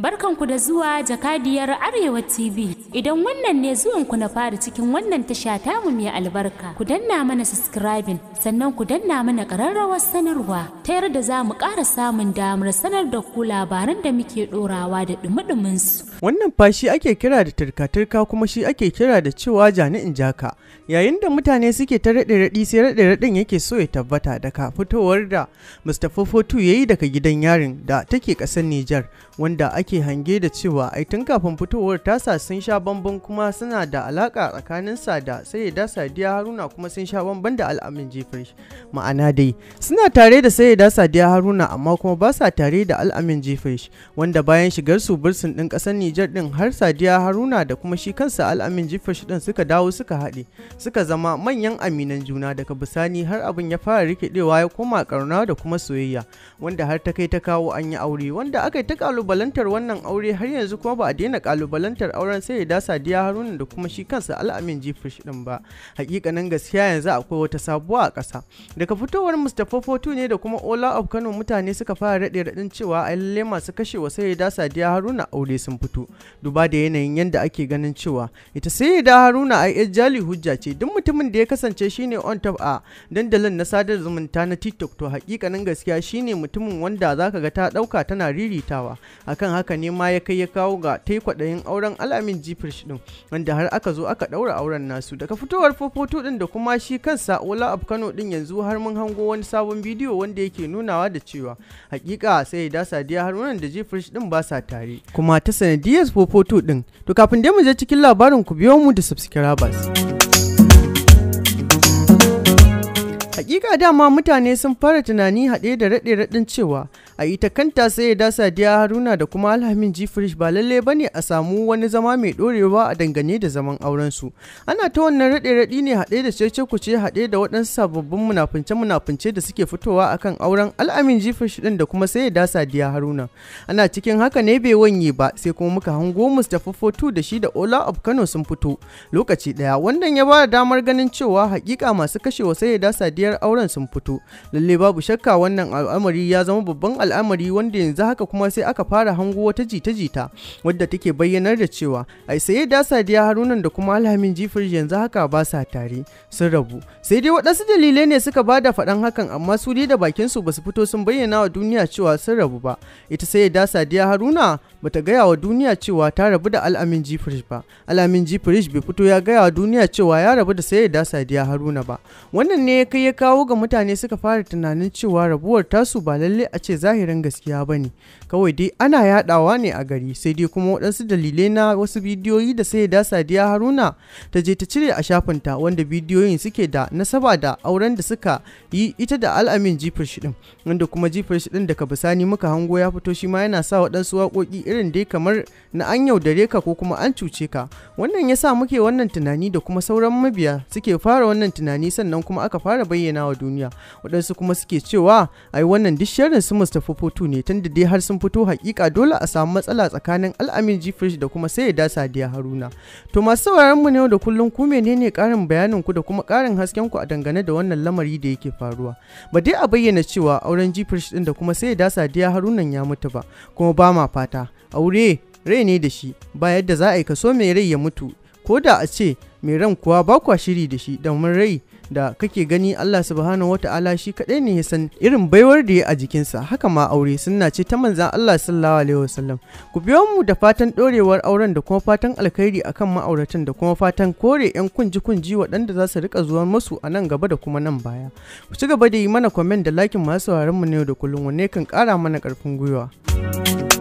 Barkanku da zuwa jakadiyar Arewa TV. Idan wannan ne zuwanku na fara cikin wannan tasha tamu mai albarka, ku danna mana subscribing sannan ku danna mana ƙararrawar sanarwa ta yarda za mu ƙara samun damar sanar da ku labaran da muke ɗorawa da ɗumi su. Wannan fashi ake kira da turka kuma shi ake kira da cewa jani'in jaka. Yayin da mutane suke ta raɗe raɗi sai raɗe raɗin yake so ya tabbata daga fitowar da Mustapha Fotu ya yi daga gidan yarin da take ƙasar Nijar wanda ake hange da cewa ai tun kafin fitowar tasa sun sha bambam kuma suna da alaƙa tsakaninsa da sai da Sadiya Haruna kuma sun sha bambam da al'amin jefa. ma'ana dai suna tare da sayyada sadiya haruna amma kuma ba sa tare da al'amin jifin shi wanda bayan shigar su bursun din kasar nijar din har sadiya haruna da kuma shi kansa al'amin jifin shi din suka dawo suka haɗe suka zama manyan aminan juna daga bisani har abin ya fara rikidewa ya koma karna da kuma soyayya wanda har ta kai ta kawo an yi aure wanda aka yi ta kalubalantar wannan aure har yanzu kuma ba a daina kalubalantar auren sayyada sadiya haruna da kuma shi kansa al'amin jifin shi din ba hakikanin gaskiya yanzu akwai wata sabuwa a kasa daga fitowar mustapha fotu ne da kuma ola of kano mutane suka fara raɗe raɗin cewa a lalle masu kashe wa sayyida sadiya haruna aure sun fito duba da yanayin yadda ake ganin cewa ita sai sayyida haruna a jali hujja ce duk mutumin da ya kasance shine on top a dandalin na sadar zumunta na tiktok to hakikanin gaskiya shine mutumin wanda zaka ga ta ɗauka tana riritawa akan haka ne ma ya kai ya kawo ga ta yi kwaɗayin auren alamin jifirsh ɗin wanda har aka zo aka ɗaura auren nasu daga fitowar fofoto ɗin da kuma shi kansa ola of kano yau din yanzu har mun hango wani sabon bidiyo wanda yake nunawa da cewa hakika sai da sadiya har da fresh din ba sa tare kuma ta sanadiyar fofoto din to kafin dai mu je cikin labarin ku biyo mu da subscribers hakika dama mutane sun fara tunani haɗe da raɗe raɗin cewa a ita kanta sai ya dasa diya haruna da kuma alhamin jifrish ba lalle ba ne a samu wani zama mai dorewa a dangane da zaman aurensu ana ta wannan raɗe-raɗi ne haɗe da cece kuce haɗe da waɗansu sababbin munafunce-munafunce da suke fitowa akan auren alhamin jifrish din da kuma sai ya dasa diya haruna ana cikin haka ne bai wanye ba sai kuma muka hango mustapha fotu da shi da ola of kano sun fito lokaci ɗaya wannan ya ba da damar ganin cewa hakika masu kashewa sai ya dasa diyar auren sun fito lalle babu shakka wannan al'amari ya zama babban al'amari wanda yanzu haka kuma sai aka fara hango wata jita-jita wadda take bayyanar da cewa ai saye da sadiya haruna da kuma alhamin jifir yanzu haka ba sa tare sun rabu sai dai waɗansu dalilai ne suka ba da faɗan hakan amma su dai da bakin su basu fito sun bayyana wa duniya cewa sun rabu ba ita sai da sadiya haruna bata gaya wa duniya cewa ta rabu da al'amin jifirish ba al'amin jifirish bai fito ya gaya wa duniya cewa ya rabu da sai da sadiya haruna ba wannan ne ya kai ya kawo ga mutane suka fara tunanin cewa rabuwar tasu ba lalle a ce zahiri zahirin gaskiya ba ne kawai dai ana yadawa ne a gari sai dai kuma waɗansu dalilai na wasu bidiyoyi da sai da sadiya haruna ta je ta cire a shafinta wanda bidiyoyin suke da nasaba da auren da suka yi ita da al'amin jifar shiɗin wanda kuma jifar shiɗin daga bisani muka hango ya fito shi ma yana sa waɗansu wakoki irin dai kamar na an yaudare ka ko kuma an cuce ka wannan ya sa muke wannan tunani da kuma sauran mabiya suke fara wannan tunani sannan kuma aka fara bayyana wa duniya waɗansu kuma suke cewa ai wannan duk shirin su Mustapha 442 ne tun da dai har sun fito hakika dole a samu matsala tsakanin al'amin jifirish da kuma sai ya da sadiya haruna to masu sauraron mu ne da kullum ku menene karin bayanin ku da kuma karin hasken ku a dangane da wannan lamari da yake faruwa ba dai a bayyana cewa auren jifirish din da kuma sai ya da sadiya harunan ya mutu ba kuma ba ma fata aure rai ne da shi ba yadda za a yi kaso mai rai ya mutu ko da a ce mai ran kuwa ba kwa shiri da shi domin rai da kake gani Allah subhanahu wata'ala shi kaɗai ne ya san irin baiwar da ya a jikinsa haka ma aure sunna ce ta manzan Allah sallallahu alaihi wasallam ku biyo mu da fatan ɗorewar auren da kuma fatan alkhairi akan ma'auratan da kuma fatan kore yan kunji kunji waɗanda za su rika zuwa masu a nan gaba da kuma nan baya ku ci gaba da yi mana comment da lakin masu sauraron mu ne da kullum wanne kan ƙara mana ƙarfin gwiwa.